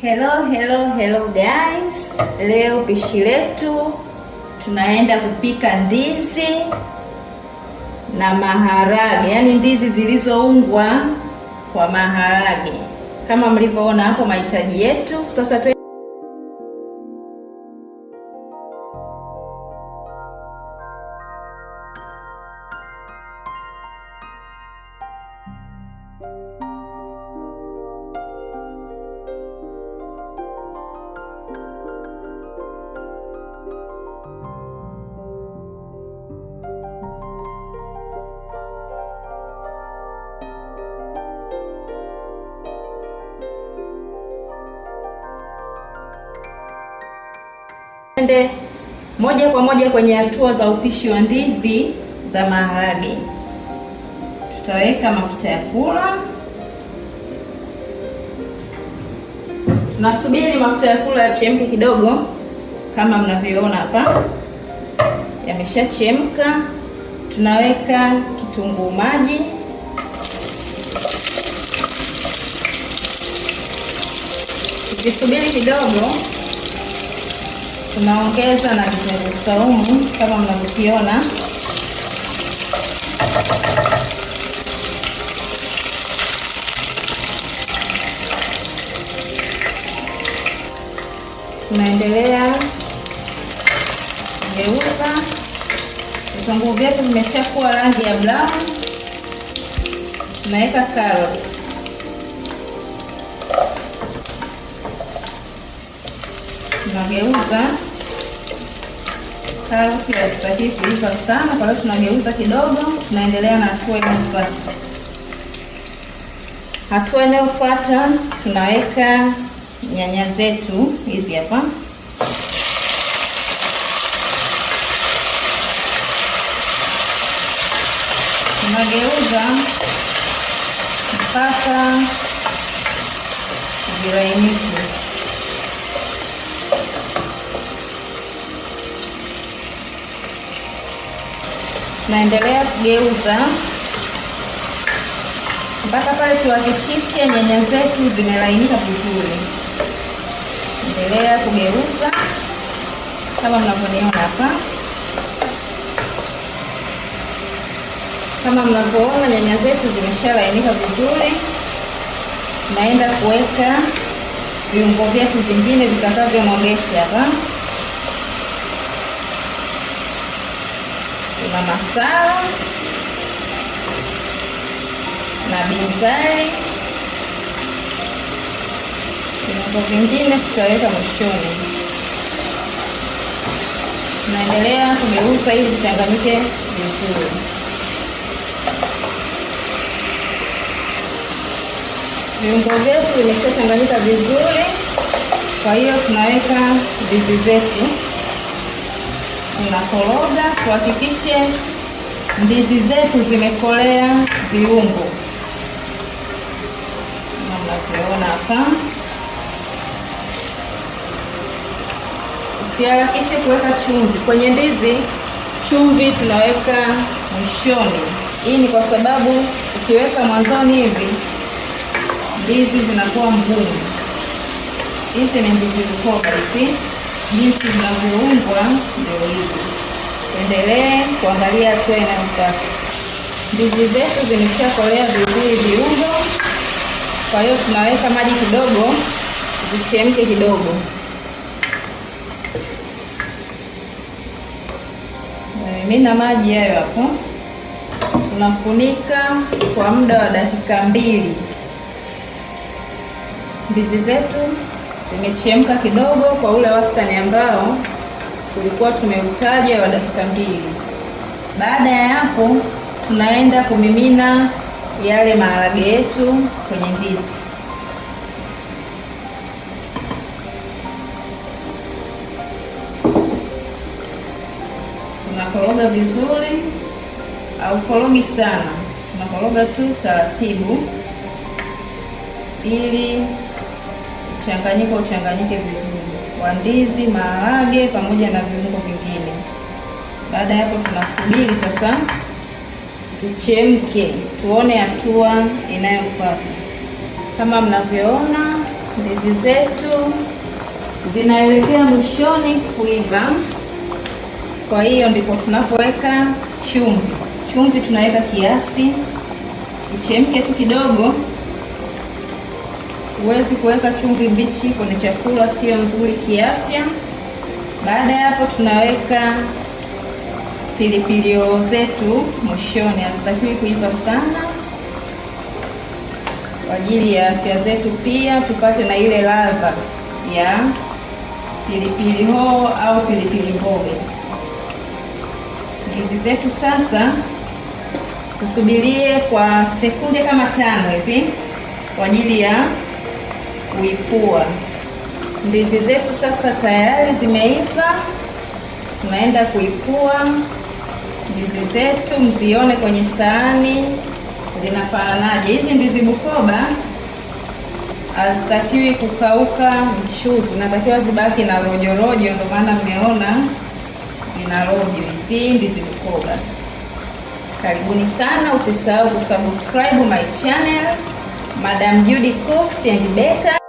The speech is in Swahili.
Hello, hello, hello guys. Leo pishi letu tunaenda kupika ndizi na maharage, yaani ndizi zilizoungwa kwa maharage. Kama mlivyoona hapo mahitaji yetu, sasa Tuende moja kwa moja kwenye hatua za upishi wa ndizi za maharage. Tutaweka mafuta ya kula, tunasubiri mafuta ya kula yachemke kidogo, kama mnavyoona hapa yameshachemka. Tunaweka kitunguu maji tukisubiri kidogo tunaongeza na vitunguu saumu kama mnavyokiona. Tunaendelea kugeuza. Vitunguu vyetu vimeshakuwa rangi ya brown, tunaweka karoti tunageuza karoti. Hatutaki kuiva sana, kwa hiyo tunageuza kidogo. Tunaendelea na hatua inayofuata. Hatua inayofuata tunaweka nyanya zetu hizi hapa. Tunageuza mpaka zirainike. naendelea kugeuza mpaka pale tuhakikishe nyanya zetu zimelainika vizuri. Endelea kugeuza kama mnavyoniona hapa. Kama mnavyoona nyanya zetu zimeshalainika vizuri, naenda kuweka viungo vyetu vingine vitakavyomwogesha hapa. Mama Sara na binzai. Viungo vingine tutaweka mwishoni. Tunaendelea kugeuza ili vichanganyike vizuri. Viungo vyetu vimeshachanganyika vizuri, kwa hiyo tunaweka ndizi zetu tunakoroga tuhakikishe ndizi zetu zimekolea viungo, mnavyoona hapa. Usiharakishe kuweka chumvi kwenye ndizi, chumvi tunaweka mwishoni. Hii ni kwa sababu ukiweka mwanzoni hivi ndizi zinakuwa ngumu. Hizi ni ndizi Bukoba hizi jinsi vinavyoungwa ndio hivyo. Endelee kuangalia tena inayotaka. Ndizi zetu zimeshakolea vizuri viungo, kwa hiyo tunaweka maji kidogo zichemke kidogo. Eh, na maji hayo hapo, tunafunika kwa muda wa dakika mbili. Ndizi zetu zimechemka kidogo kwa ule wastani ambao tulikuwa tumeutaja wa dakika mbili. Baada ya hapo, tunaenda kumimina yale maharage yetu kwenye ndizi. Tunakoroga vizuri, korogi sana, tunakoroga tu taratibu ili mchanganyiko uchanganyike vizuri wa ndizi, maharage pamoja na viungo vingine. Baada ya hapo, tunasubiri sasa zichemke, tuone hatua inayofuata. Kama mnavyoona ndizi zetu zinaelekea mwishoni kuiva. Kwa hiyo ndipo tunapoweka chumvi. Chumvi tunaweka kiasi, ichemke tu kidogo. Huwezi kuweka chumvi mbichi kwenye chakula, sio nzuri kiafya. Baada ya hapo, tunaweka pilipili hoho zetu mwishoni, hazitakiwi kuiva sana kwa ajili ya afya zetu, pia tupate na ile ladha ya pilipili hoho au pilipili mboga. Ndizi zetu sasa tusubirie kwa sekunde kama tano hivi kwa ajili ya kuipua. Ndizi zetu sasa tayari zimeiva, tunaenda kuipua ndizi zetu, mzione kwenye sahani zinafananaje. Hizi ndizi Bukoba hazitakiwi kukauka mchuzi, zinatakiwa zibaki na rojorojo, ndio maana mmeona zina rojo hizi ndizi Bukoba. Karibuni sana, usisahau kusubscribe my channel Madam Judy Cooks and Baker.